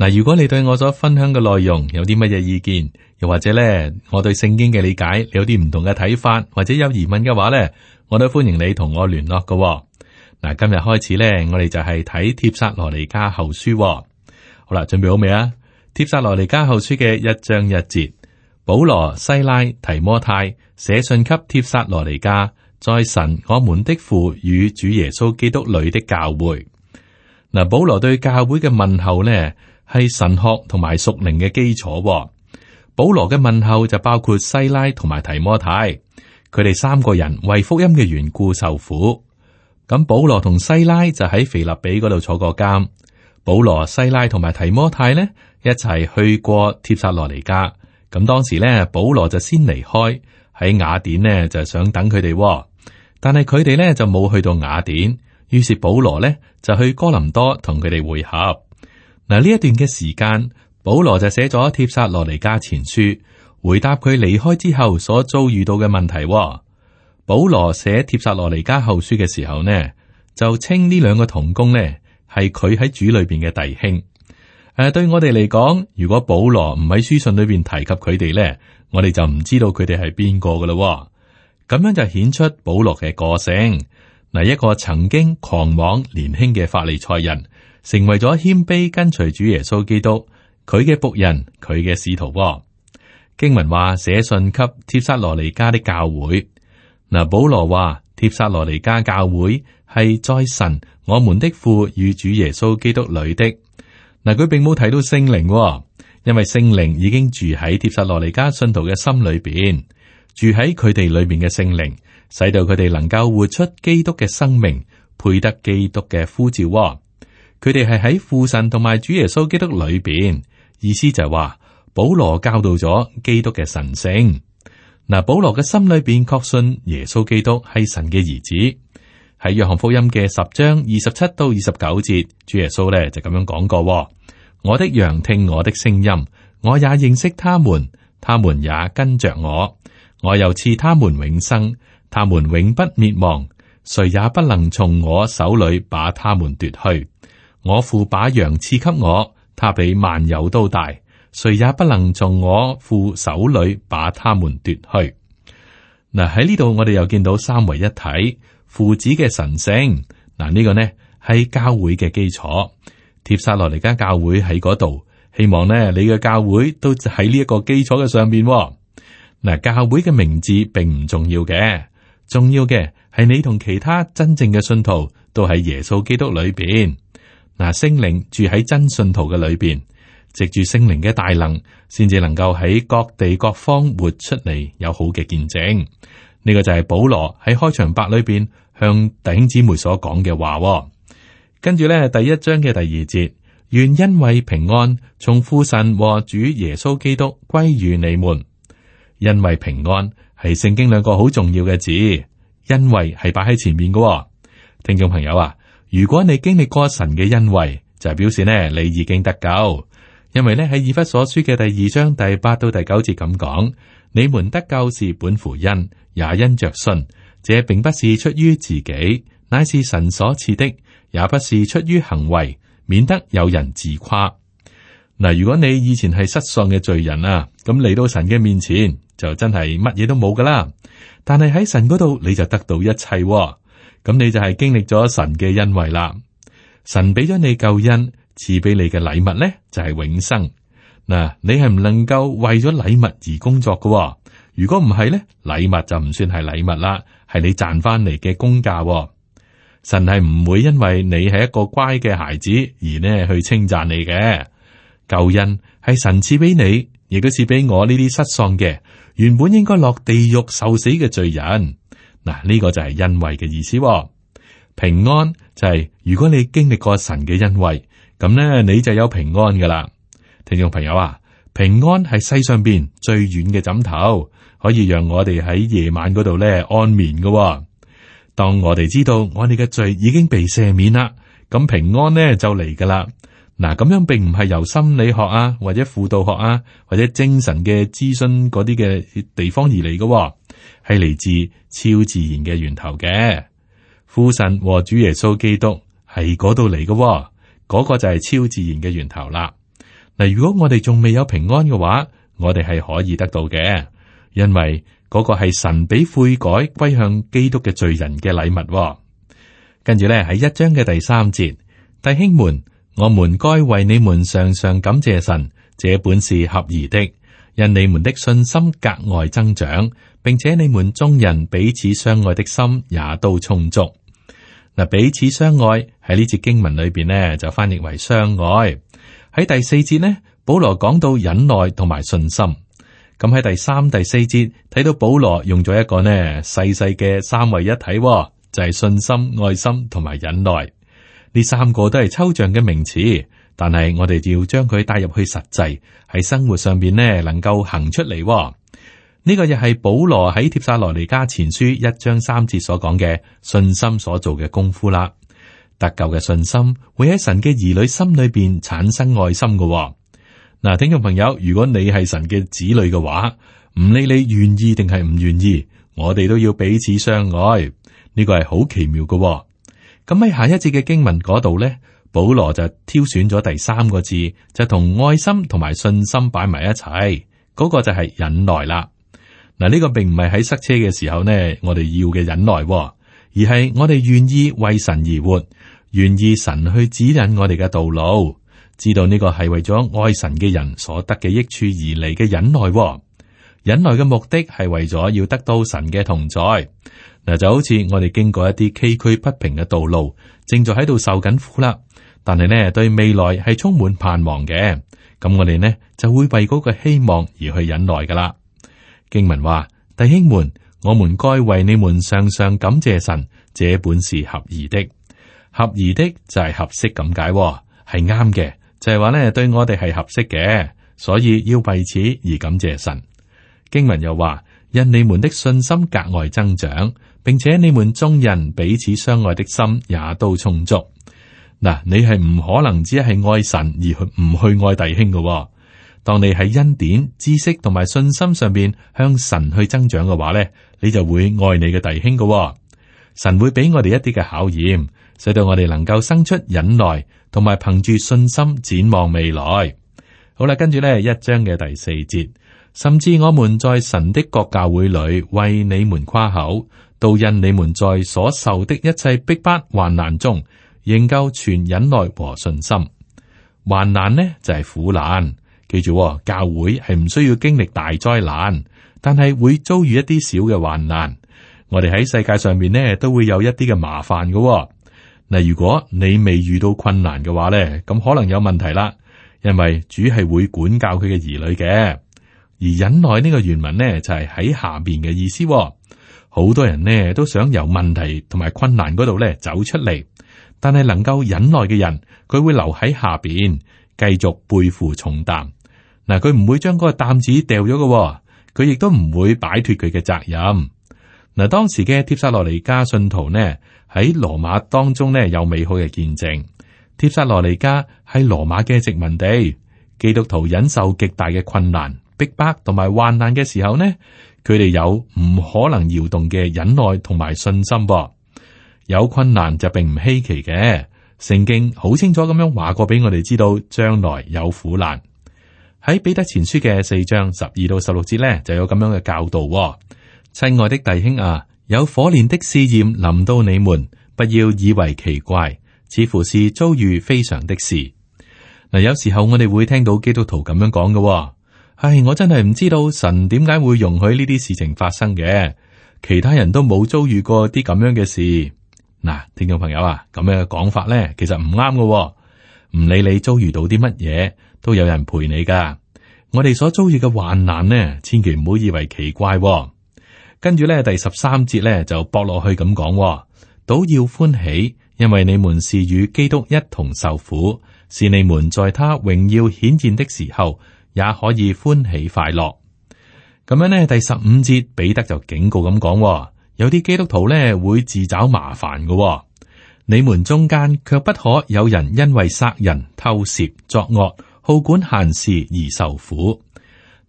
嗱，如果你對我所分享嘅內容有啲乜嘢意見，又或者咧，我對聖經嘅理解有啲唔同嘅睇法，或者有疑問嘅話咧，我都歡迎你同我聯絡噶。嗱，今日開始咧，我哋就係睇帖撒羅尼加後書。好啦，準備好未啊？帖撒羅尼加後書嘅一章一節，保羅西拉提摩太寫信給帖撒羅尼加，在神我們的父與主耶穌基督裏的教會。嗱，保羅對教會嘅問候咧，係神學同埋屬靈嘅基礎，哦。保羅嘅問候就包括西拉同埋提摩太，佢哋三個人為福音嘅緣故受苦。咁保羅同西拉就喺腓立比嗰度坐過監。保羅、西拉同埋提摩太呢，一齊去過帖撒羅尼迦。咁當時呢，保羅就先離開，喺雅典呢就想等佢哋，哦，但係佢哋呢，就冇去到雅典，於是保羅呢，就去哥林多同佢哋會合。.嗱，呢一段嘅時間，保羅就寫咗帖撒羅尼迦前書，回答佢離開之後所遭遇到嘅問題。保羅寫帖撒羅尼迦後書嘅時候呢，就稱呢兩個同工呢係佢喺主裏邊嘅弟兄。誒，對我哋嚟講，如果保羅唔喺書信裏邊提及佢哋呢，我哋就唔知道佢哋係邊個嘅咯，咁樣就顯出保羅嘅個性，嗱，一個曾經狂妄年輕嘅法利賽人。成為咗謙卑跟隨主耶穌基督，佢嘅僕人，佢嘅使徒。經文話寫信給帖撒羅尼加的教會。嗱，保羅話帖撒羅尼加教會係在神我們的父與主耶穌基督裏的。嗱，佢並冇睇到聖靈，因為聖靈已經住喺帖撒羅尼加信徒嘅心裏邊，住喺佢哋裏邊嘅聖靈，使到佢哋能夠活出基督嘅生命，配得基督嘅呼召。佢哋係喺父神同埋主耶穌基督裏邊，意思就係話保羅教導咗基督嘅神聖。嗱，保羅嘅心裏邊確信耶穌基督係神嘅兒子。喺約翰福音嘅十章二十七到二十九節，主耶穌咧就咁樣講過：「我的羊聽我的聲音，我也認識他們，他們也跟着我。我又賜他們永生，他們永不滅亡，誰也不能從我手裏把他們奪去。」我父把羊賜給我，他比萬有都大，誰也不能從我父手裏把他們奪去。嗱、啊，喺呢度我哋又見到三位一體父子嘅神聖嗱，呢、啊這個呢係教會嘅基礎。帖撒羅尼迦教會喺嗰度，希望呢你嘅教會都喺呢一個基礎嘅上面、哦。嗱、啊。教會嘅名字並唔重要嘅，重要嘅係你同其他真正嘅信徒都喺耶穌基督裏邊。嗱，聖、啊、靈住喺真信徒嘅裏邊，藉住聖靈嘅大能，先至能夠喺各地各方活出嚟有好嘅見證。呢、這個就係保羅喺開場白裏邊向弟兄姊妹所講嘅話、哦。跟住咧，第一章嘅第二節，願恩惠平安，從父神和主耶穌基督歸於你們。恩惠平安係聖經兩個好重要嘅字，因為係擺喺前面嘅、哦。聽眾朋友啊！如果你經歷過神嘅恩惠，就係表示呢，你已經得救。因為呢喺以弗所書嘅第二章第八到第九節咁講，你們得救是本乎恩，也因着信。這並不是出於自己，乃是神所賜的，也不是出於行為，免得有人自誇。嗱，如果你以前係失喪嘅罪人啊，咁嚟到神嘅面前，就真係乜嘢都冇噶啦。但係喺神嗰度，你就得到一切、哦。咁你就係經歷咗神嘅恩惠啦，神俾咗你救恩，賜俾你嘅禮物咧就係、是、永生。嗱、啊，你係唔能夠為咗禮物而工作嘅、哦，如果唔係咧，禮物就唔算係禮物啦，係你賺翻嚟嘅工價、哦。神係唔會因為你係一個乖嘅孩子而呢去稱讚你嘅。救恩係神賜俾你，亦都賜俾我呢啲失喪嘅，原本應該落地獄受死嘅罪人。嗱，呢個就係恩惠嘅意思喎。平安就係如果你經歷過神嘅恩惠，咁咧你就有平安噶啦。聽眾朋友啊，平安係世上邊最軟嘅枕頭，可以讓我哋喺夜晚嗰度咧安眠噶喎。當我哋知道我哋嘅罪已經被赦免啦，咁平安咧就嚟噶啦。嗱，咁樣並唔係由心理學啊，或者輔導學啊，或者精神嘅諮詢嗰啲嘅地方而嚟噶喎。係嚟自超自然嘅源頭嘅父神和主耶穌基督係嗰度嚟嘅。喎，嗰個就係超自然嘅源頭啦。嗱，如果我哋仲未有平安嘅話，我哋係可以得到嘅，因為嗰個係神俾悔改歸向基督嘅罪人嘅禮物喎。跟住咧，喺一章嘅第三節，弟兄們，我們該為你們常常感謝神，這本是合宜的，因你們的信心格外增長。並且你們中人彼此相愛的心也都充足。嗱，彼此相愛喺呢節經文裏邊呢，就翻譯為相愛。喺第四節呢，保羅講到忍耐同埋信心。咁喺第三、第四節睇到保羅用咗一個呢細細嘅三位一體，哦，就係、是、信心、愛心同埋忍耐。呢三個都係抽象嘅名詞，但係我哋要將佢帶入去實際喺生活上邊呢，能夠行出嚟，哦。呢個亦係保羅喺帖撒羅尼迦前書一章三節所講嘅信心所做嘅功夫啦。得救嘅信心會喺神嘅兒女心裏邊產生愛心嘅、哦。嗱，聽眾朋友，如果你係神嘅子女嘅話，唔理你願意定係唔願意，我哋都要彼此相愛。呢個係好奇妙嘅、哦。咁喺下一節嘅經文嗰度呢，保羅就挑選咗第三個字，就同愛心同埋信心擺埋一齊，嗰個就係忍耐啦。嗱，呢個並唔係喺塞車嘅時候呢，我哋要嘅忍耐，而係我哋願意為神而活，願意神去指引我哋嘅道路，知道呢個係為咗愛神嘅人所得嘅益處而嚟嘅忍耐。忍耐嘅目的係為咗要得到神嘅同在。嗱，就好似我哋經過一啲崎嶇不平嘅道路，正在喺度受緊苦啦，但係呢，對未來係充滿盼望嘅，咁我哋呢，就會為嗰個希望而去忍耐噶啦。經文話：弟兄們，我們該為你們常常感謝神，這本是合宜的。合宜的就係合適咁解，係啱嘅，就係話呢對我哋係合適嘅，所以要為此而感謝神。經文又話：因你們的信心格外增長，並且你們中人彼此相愛的心也都充足。嗱，你係唔可能只係愛神而唔去愛弟兄嘅哦。當你喺恩典、知識同埋信心上面向神去增長嘅話呢，你就會愛你嘅弟兄嘅、哦。神會俾我哋一啲嘅考驗，使到我哋能夠生出忍耐，同埋憑住信心展望未來。好啦，跟住咧一章嘅第四節，甚至我們在神的國教會裏為你們誇口，都因你們在所受的一切逼迫患難中，仍舊存忍耐和信心。患難呢就係、是、苦難。記住、哦、教會係唔需要經歷大災難，但係會遭遇一啲小嘅患難。我哋喺世界上面呢都會有一啲嘅麻煩嘅。嗱，如果你未遇到困難嘅話咧，咁可能有問題啦。因為主係會管教佢嘅兒女嘅，而忍耐呢個原文呢，就係、是、喺下邊嘅意思、哦。好多人呢都想由問題同埋困難嗰度咧走出嚟，但係能夠忍耐嘅人，佢會留喺下邊，繼續背負重擔。嗱，佢唔會將嗰個擔子掉咗嘅，哦，佢亦都唔會擺脱佢嘅責任。嗱，當時嘅帖撒羅尼迦信徒呢喺羅馬當中呢有美好嘅見證。帖撒羅尼迦喺羅馬嘅殖民地，基督徒忍受極大嘅困難、逼迫同埋患難嘅時候呢，佢哋有唔可能搖動嘅忍耐同埋信心噃。有困難就並唔稀奇嘅，聖經好清楚咁樣話過俾我哋知道，將來有苦難。喺彼得前書嘅四章十二到十六節呢，就有咁樣嘅教導、哦。親愛的弟兄啊，有火煉的試驗臨到你們，不要以為奇怪，似乎是遭遇非常的事。嗱，有時候我哋會聽到基督徒咁樣講嘅、哦，唉，我真係唔知道神點解會容許呢啲事情發生嘅，其他人都冇遭遇過啲咁樣嘅事。嗱、啊，聽眾朋友啊，咁樣嘅講法呢，其實唔啱嘅。唔理你遭遇到啲乜嘢，都有人陪你噶我哋所遭遇嘅患難呢，千祈唔好以為奇怪、哦。跟住咧，第十三節咧就駁落去咁講、哦，倒要歡喜，因為你們是與基督一同受苦，是你們在他榮耀顯現的時候，也可以歡喜快樂。咁樣呢，第十五節彼得就警告咁講、哦，有啲基督徒呢，會自找麻煩嘅、哦，你們中間卻不可有人因為殺人、偷竊、作惡。好管閑事而受苦。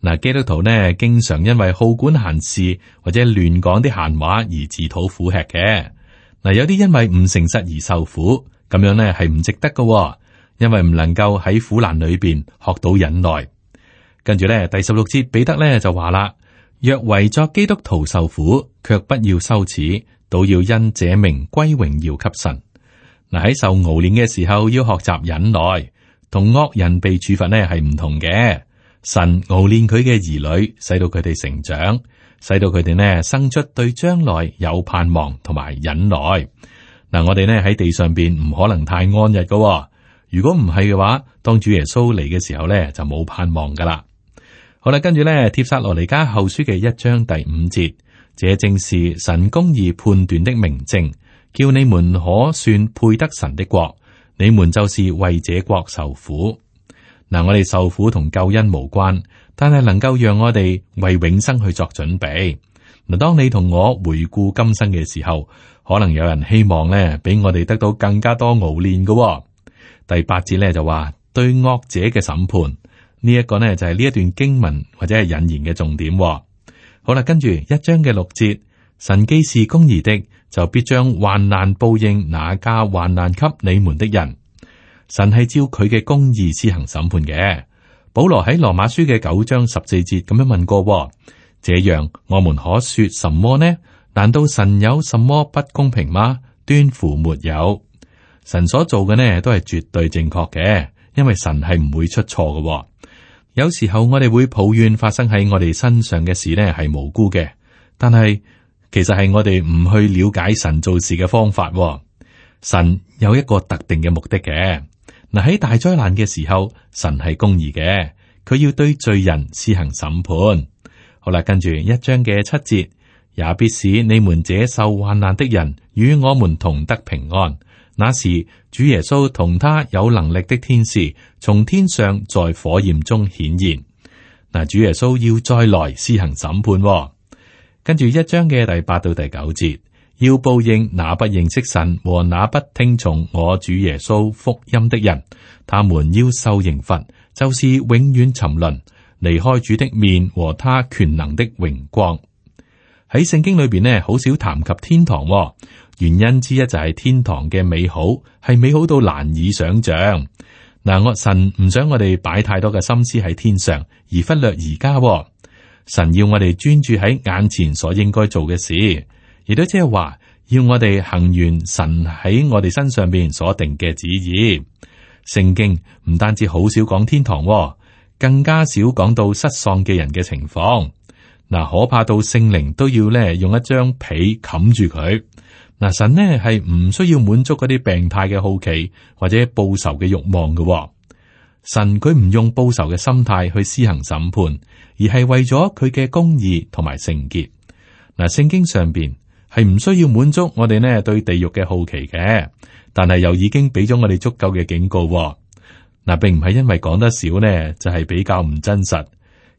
嗱，基督徒呢，經常因為好管閑事或者亂講啲閑話而自討苦吃嘅。嗱，有啲因為唔誠實而受苦，咁樣呢係唔值得㗎，因為唔能夠喺苦難裏邊學到忍耐。跟住呢，第十六節彼得呢就話啦：若為作基督徒受苦，卻不要羞恥，倒要因這名歸榮耀給神。嗱，喺受熬煉嘅時候要學習忍耐。同惡人被處罰呢係唔同嘅，神熬煉佢嘅兒女，使到佢哋成長，使到佢哋呢生出對將來有盼望同埋忍耐。嗱、嗯，我哋呢喺地上邊唔可能太安逸噶、哦，如果唔係嘅話，當主耶穌嚟嘅時候呢就冇盼望噶啦。好啦，跟住呢帖撒羅尼迦後書嘅一章第五節，這正是神公義判斷的明證，叫你們可算配得神的國。你們就是為這國受苦。嗱，我哋受苦同救恩無關，但係能夠讓我哋為永生去作準備。嗱，當你同我回顧今生嘅時候，可能有人希望咧，俾我哋得到更加多熬練嘅。第八節咧就話對惡者嘅審判，呢一個呢，就係呢一段經文或者係引言嘅重點。好啦，跟住一章嘅六節，神既是公義的。就必將患難報應那加患難給你們的人，神係照佢嘅公義施行審判嘅。保羅喺羅馬書嘅九章十四節咁樣問過，這樣我們可說什麼呢？難道神有什麼不公平嗎？斷乎沒有，神所做嘅呢都係絕對正確嘅，因為神係唔會出錯嘅。有時候我哋會抱怨發生喺我哋身上嘅事呢係無辜嘅，但係。其實係我哋唔去了解神做事嘅方法，哦，神有一個特定嘅目的嘅。嗱，喺大災難嘅時候，神係公義嘅，佢要對罪人施行審判。好啦，跟住一章嘅七節，也必使你們這受患難的人與我們同得平安。那時，主耶穌同他有能力的天使從天上在火焰中顯現。嗱，主耶穌要再來施行審判，哦。跟住一章嘅第八到第九節，要報應那不認識神和那不聽從我主耶穌福音的人，他們要受刑罰，就是永遠沉淪，離開主的面和他權能的榮光。喺聖經裏邊呢，好少談及天堂，原因之一就係天堂嘅美好係美好到難以想象。嗱、呃，我神唔想我哋擺太多嘅心思喺天上，而忽略而家。神要我哋專注喺眼前所應該做嘅事，亦都即係話要我哋行完神喺我哋身上邊所定嘅旨意。聖經唔單止好少講天堂，更加少講到失喪嘅人嘅情況。嗱，可怕到聖靈都要咧用一張被冚住佢。嗱，神呢係唔需要滿足嗰啲病態嘅好奇或者報仇嘅欲望嘅。神佢唔用報仇嘅心態去施行審判，而係為咗佢嘅公義同埋聖潔。嗱，聖經上邊係唔需要滿足我哋呢對地獄嘅好奇嘅，但係又已經俾咗我哋足夠嘅警告。嗱、啊，並唔係因為講得少呢就係、是、比較唔真實。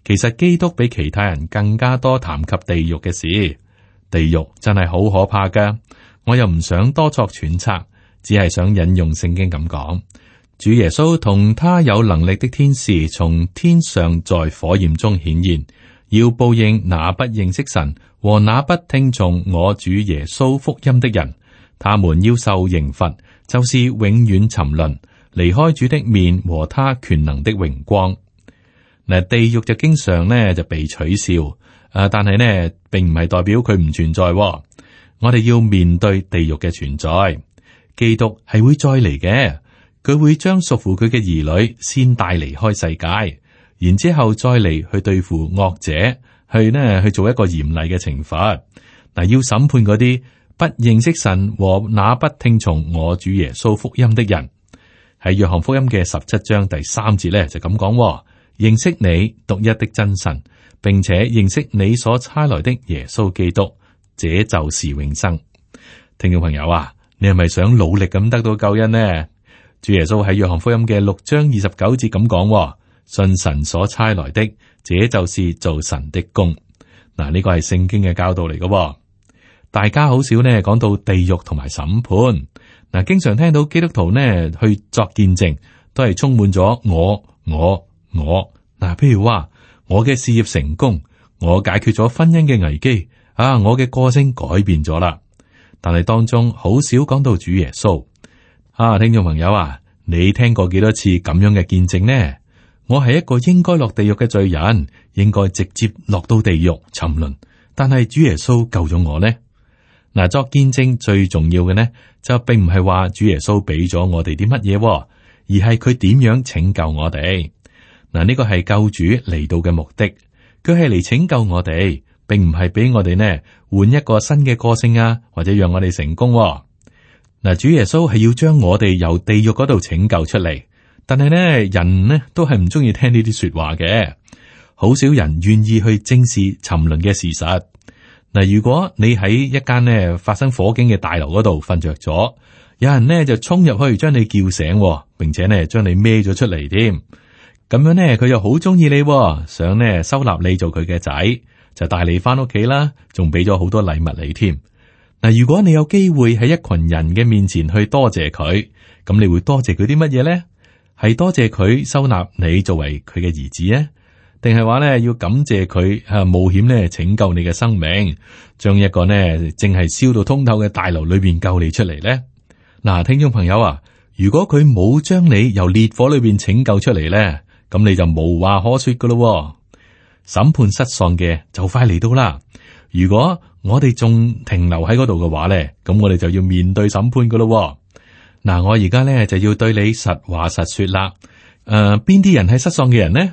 其實基督比其他人更加多談及地獄嘅事，地獄真係好可怕噶。我又唔想多作揣測，只係想引用聖經咁講。主耶穌同他有能力的天使從天上在火焰中顯現，要報應那不認識神和那不聽從我主耶穌福音的人，他們要受刑罰，就是永遠沉淪，離開主的面和他權能的榮光。嗱，地獄就經常咧就被取笑，誒，但係咧並唔係代表佢唔存在哦，我哋要面對地獄嘅存在。基督係會再嚟嘅。佢會將屬乎佢嘅兒女先帶離開世界，然之後再嚟去對付惡者，去咧去做一個嚴厲嘅懲罰。嗱，要審判嗰啲不認識神和那不聽從我主耶穌福音的人，喺約翰福音嘅十七章第三節咧就咁講：認識你獨一的真神，並且認識你所差來的耶穌基督，這就是永生。聽眾朋友啊，你係咪想努力咁得到救恩呢？主耶穌喺約翰福音嘅六章二十九節咁講：「信神所差來的，這就是做神的工。」嗱，呢個係聖經嘅教導嚟嘅。大家好少呢講到地獄同埋審判。嗱，經常聽到基督徒呢去作見證，都係充滿咗我、我、我。嗱，譬如話我嘅事業成功，我解決咗婚姻嘅危機啊，我嘅個性改變咗啦。但係當中好少講到主耶穌。啊，聽眾朋友啊，你聽過幾多次咁樣嘅見證呢？我係一個應該落地獄嘅罪人，應該直接落到地獄沉淪，但係主耶穌救咗我呢？嗱，啊，作見證最重要嘅呢，就並唔係話主耶穌俾咗我哋啲乜嘢，而係佢點樣拯救我哋。嗱，啊，呢個係救主嚟到嘅目的，佢係嚟拯救我哋，並唔係俾我哋呢換一個新嘅個性啊，或者讓我哋成功啊。嗱，主耶穌係要將我哋由地獄嗰度拯救出嚟，但係咧，人咧都係唔中意聽呢啲說話嘅，好少人願意去正視沉淪嘅事實。嗱，如果你喺一間咧發生火警嘅大樓嗰度瞓着咗，有人呢就衝入去將你叫醒，並且呢將你孭咗出嚟添，咁樣呢，佢又好中意你，想呢收納你做佢嘅仔，就帶你翻屋企啦，仲俾咗好多禮物你添。嗱，如果你有機會喺一群人嘅面前去多謝佢，咁你會多謝佢啲乜嘢呢？係多謝佢收納你作為佢嘅兒子啊？定係話呢，要感謝佢吓冒險呢，拯救你嘅生命，將一個呢，淨係燒到通透嘅大樓裏邊救你出嚟呢？嗱，聽眾朋友啊，如果佢冇將你由烈火裏邊拯救出嚟呢，咁你就無話可說噶咯。審判失喪嘅就快嚟到啦。如果我哋仲停留喺嗰度嘅話咧，咁我哋就要面對審判噶咯、哦。嗱、啊，我而家咧就要對你實話實說啦。誒、呃，邊啲人係失喪嘅人呢？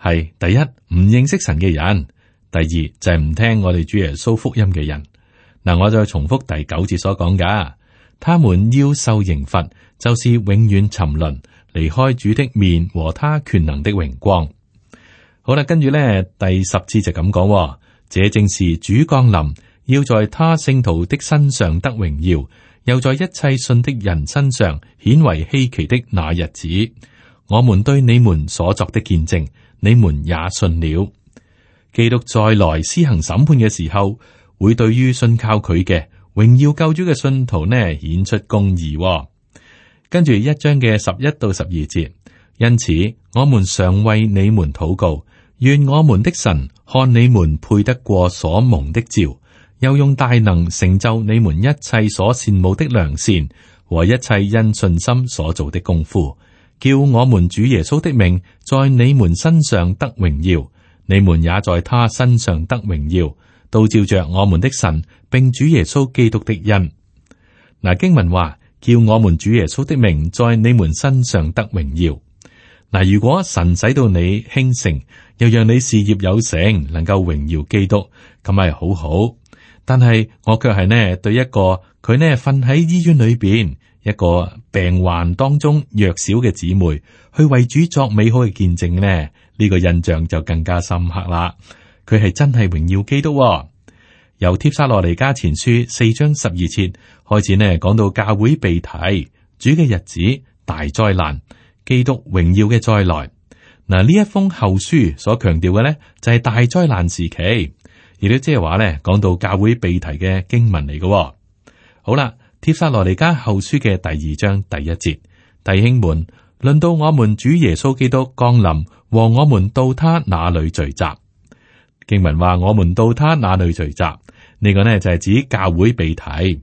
係第一，唔認識神嘅人，第二就係、是、唔聽我哋主耶穌福音嘅人。嗱、啊，我再重複第九節所講噶，他們要受刑罰，就是永遠沉淪，離開主的面和他權能的榮光。好啦，跟住咧第十節就咁講、哦。這正是主降臨，要在他聖徒的身上得榮耀，又在一切信的人身上顯為稀奇的那日子。我們對你們所作的見證，你們也信了。基督再來施行審判嘅時候，會對於信靠佢嘅榮耀救主嘅信徒呢，顯出公義哦。跟住一章嘅十一到十二節，因此我們常為你們禱告。願我們的神看你們配得過所蒙的召，又用大能成就你們一切所羨慕的良善和一切因信心所做的功夫，叫我們主耶穌的名在你們身上得榮耀，你們也在他身上得榮耀，都照着我們的神並主耶穌基督的恩。嗱經文話，叫我們主耶穌的名在你們身上得榮耀。嗱，如果神使到你興盛，又讓你事業有成，能夠榮耀基督，咁係好好。但係我卻係呢對一個佢呢瞓喺醫院裏邊，一個病患當中弱小嘅姊妹，去為主作美好嘅見證呢？呢、呢個印象就更加深刻啦。佢係真係榮耀基督，哦。由帖撒羅尼迦前書四章十二節開始呢，講到教會被提，主嘅日子，大災難。基督榮耀嘅再來，嗱，呢一封後書所強調嘅呢，就係大災難時期，亦都即係話咧，講到教會被提嘅經文嚟嘅。好啦，帖撒羅尼迦後書嘅第二章第一節，弟兄們，論到我們主耶穌基督降臨，和我們到他那裏聚集。經文話我們到他那裏聚集，呢個呢，就係指教會被提。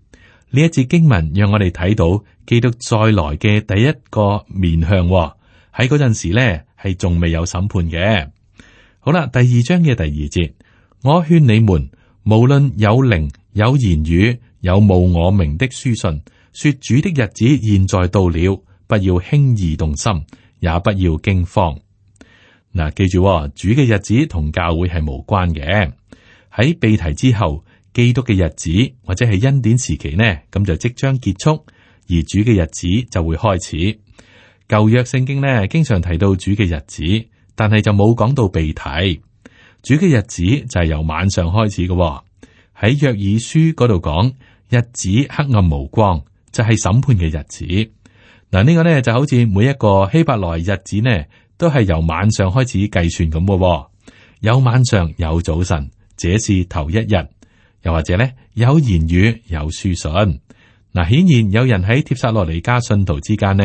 呢一節經文讓我哋睇到。基督再來嘅第一個面向喺嗰陣時呢，係仲未有審判嘅。好啦，第二章嘅第二節，我勸你們，無論有靈、有言語、有冒我名的書信，說主的日子現在到了，不要輕易動心，也不要驚慌。嗱、啊，記住、哦，主嘅日子同教會係無關嘅。喺被提之後，基督嘅日子或者係恩典時期呢，咁就即將結束。而主嘅日子就會開始。舊約聖經咧，經常提到主嘅日子，但係就冇講到被提。主嘅日子就係由晚上開始嘅、哦。喺約爾書嗰度講，日子黑暗無光，就係、是、審判嘅日子。嗱，呢個呢就好似每一個希伯來日子呢，都係由晚上開始計算咁嘅、哦。有晚上，有早晨，這是頭一日。又或者呢，有言語，有書信。嗱，顯然有人喺帖撒羅尼迦信徒之間呢，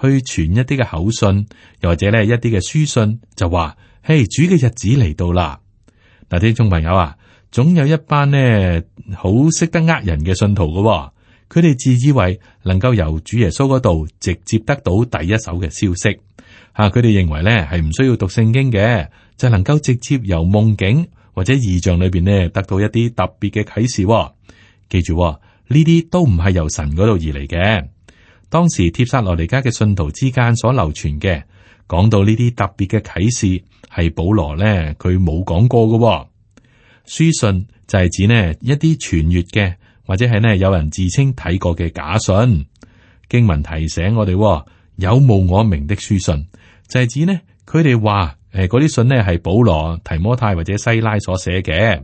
去傳一啲嘅口信，又或者咧一啲嘅書信，就話：嘿，主嘅日子嚟到啦！嗱，啲聽眾朋友啊，總有一班呢好識得呃人嘅信徒噶、哦，佢哋自以為能夠由主耶穌嗰度直接得到第一手嘅消息，吓、啊，佢哋認為咧係唔需要讀聖經嘅，就能夠直接由夢境或者異象裏邊呢得到一啲特別嘅啟示、哦。記住、哦。呢啲都唔係由神嗰度而嚟嘅，當時帖撒羅尼迦嘅信徒之間所流傳嘅，講到呢啲特別嘅啟示係保羅咧佢冇講過嘅。書信就係指呢一啲傳閱嘅，或者係咧有人自稱睇過嘅假信。經文提醒我哋，有冇我名的書信就係、是、指呢，佢哋話誒嗰啲信呢係保羅、提摩太或者西拉所寫嘅。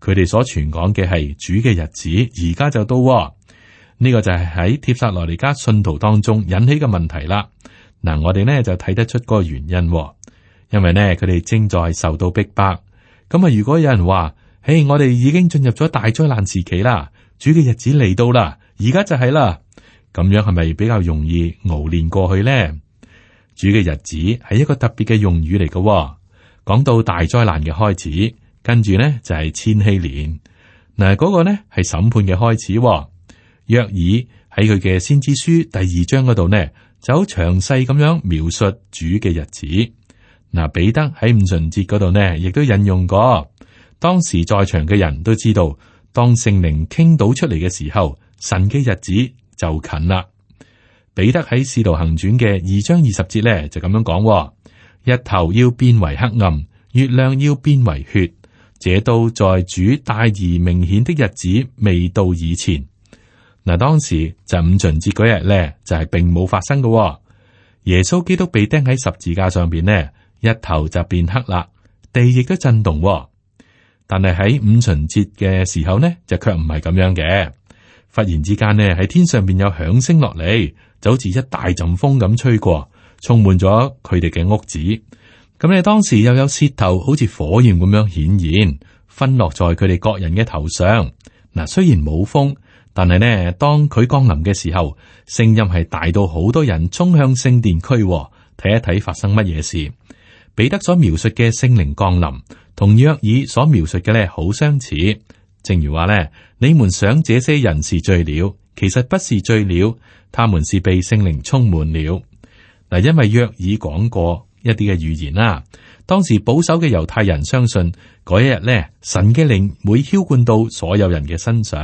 佢哋所傳講嘅係主嘅日子，而家就到、哦，呢個就係喺帖撒羅尼迦信徒當中引起嘅問題啦。嗱，我哋呢就睇得出個原因、哦，因為呢，佢哋正在受到逼迫。咁啊，如果有人話：，嘿，我哋已經進入咗大災難時期啦，主嘅日子嚟到啦，而家就係啦，咁樣係咪比較容易熬練過去呢？「主嘅日子係一個特別嘅用語嚟嘅、哦，講到大災難嘅開始。跟住呢，就係、是、千禧年嗱，嗰、那個呢，係審判嘅開始、哦。約珥喺佢嘅先知書第二章嗰度呢，就好詳細咁樣描述主嘅日子。嗱，彼得喺五旬節嗰度呢，亦都引用過。當時在場嘅人都知道，當聖靈傾倒出嚟嘅時候，神嘅日子就近啦。彼得喺使徒行傳嘅二章二十節呢，就咁樣講、哦：，日頭要變為黑暗，月亮要變為血。這都在主大而明顯的日子未到以前，嗱，當時就五旬節嗰日咧，就係、是、並冇發生嘅、哦。耶穌基督被釘喺十字架上邊呢，一頭就變黑啦，地亦都震動、哦。但係喺五旬節嘅時候呢，就卻唔係咁樣嘅。忽然之間呢，喺天上邊有響聲落嚟，就好似一大陣風咁吹過，充滿咗佢哋嘅屋子。咁你當時又有舌頭好似火焰咁樣顯現，分落在佢哋各人嘅頭上。嗱，雖然冇風，但係呢，當佢降臨嘅時候，聲音係大到好多人衝向聖殿區，睇一睇發生乜嘢事。彼得所描述嘅聖靈降臨，同約爾所描述嘅呢好相似。正如話呢：「你們想這些人是醉了，其實不是醉了，他們是被聖靈充滿了。」嗱，因為約爾講過。一啲嘅預言啦，當時保守嘅猶太人相信嗰一日咧，神嘅靈會澆灌到所有人嘅身上。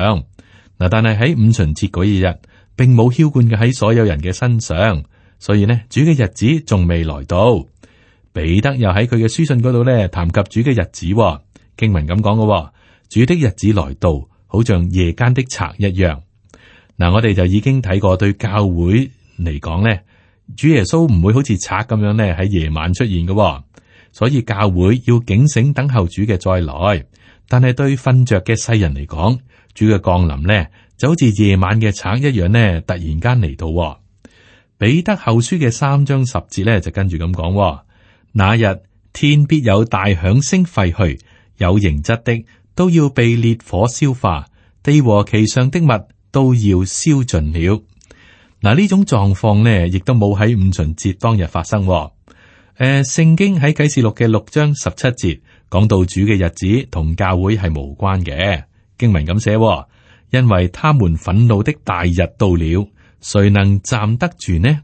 嗱，但係喺五旬節嗰一日，並冇澆灌嘅喺所有人嘅身上，所以呢，主嘅日子仲未來到。彼得又喺佢嘅書信嗰度咧，談及主嘅日子，經文咁講嘅，主的日子來到，好像夜間的賊一樣。嗱、嗯，我哋就已經睇過，對教會嚟講咧。主耶穌唔會好似賊咁樣咧，喺夜晚出現嘅，哦，所以教會要警醒等候主嘅再來。但係對瞓着嘅世人嚟講，主嘅降臨呢就好似夜晚嘅賊一樣呢突然間嚟到，哦。彼得後書嘅三章十字呢就跟住咁講：那日天必有大響聲廢去，有形質的都要被烈火消化，地和其上的物都要燒盡了。嗱，呢種狀況呢，亦都冇喺五旬節當日發生喎。誒，聖經喺啟示錄嘅六章十七節講到主嘅日子同教會係無關嘅，經文咁寫喎，因為他們憤怒的大日到了，誰能站得住呢？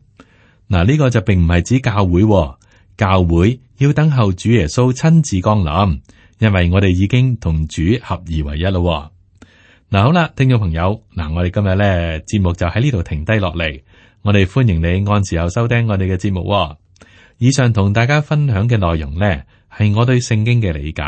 嗱，呢個就並唔係指教會喎，教會要等候主耶穌親自降臨，因為我哋已經同主合二為一咯。嗱好啦，聽眾朋友，嗱我哋今日咧節目就喺呢度停低落嚟。我哋歡迎你按時候收聽我哋嘅節目，哦。以上同大家分享嘅內容咧，係我對聖經嘅理解。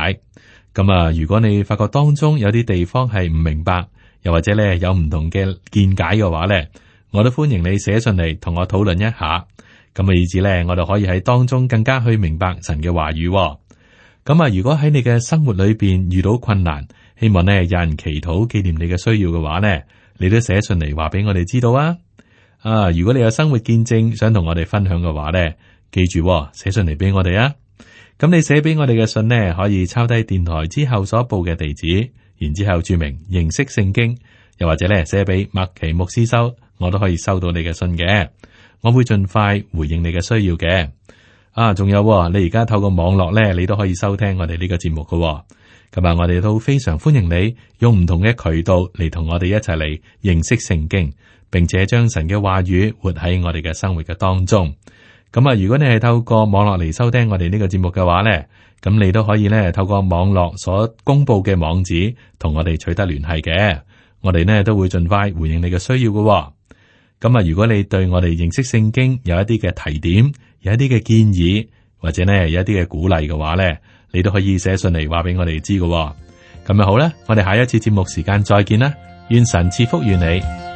咁、嗯、啊，如果你發覺當中有啲地方係唔明白，又或者咧有唔同嘅見解嘅話咧，我都歡迎你寫信嚟同我討論一下。咁啊，以至咧，我哋可以喺當中更加去明白神嘅話語，哦。咁、嗯、啊、嗯，如果喺你嘅生活裏邊遇到困難，希望咧有人祈禱紀念你嘅需要嘅話咧，你都寫信嚟話俾我哋知道啊！啊，如果你有生活見證想同我哋分享嘅話咧，記住、哦、寫信嚟俾我哋啊！咁你寫俾我哋嘅信咧，可以抄低電台之後所報嘅地址，然之後注明認識聖經，又或者咧寫俾麥奇牧師收，我都可以收到你嘅信嘅，我會盡快回應你嘅需要嘅。啊，仲有、哦、你而家透過網絡咧，你都可以收聽我哋呢個節目嘅、哦。咁啊、嗯，我哋都非常歡迎你用唔同嘅渠道嚟同我哋一齊嚟認識聖經，並且將神嘅話語活喺我哋嘅生活嘅當中。咁、嗯、啊，如果你係透過網絡嚟收聽我哋呢個節目嘅話呢，咁、嗯、你都可以呢透過網絡所公布嘅網址同我哋取得聯繫嘅。我哋呢都會盡快回應你嘅需要嘅、哦。咁、嗯、啊、嗯，如果你對我哋認識聖經有一啲嘅提點，有一啲嘅建議，或者呢有一啲嘅鼓勵嘅話呢。你都可以寫信嚟，話俾我哋知噶。咁樣好啦，我哋下一次節目時間再見啦，願神賜福於你。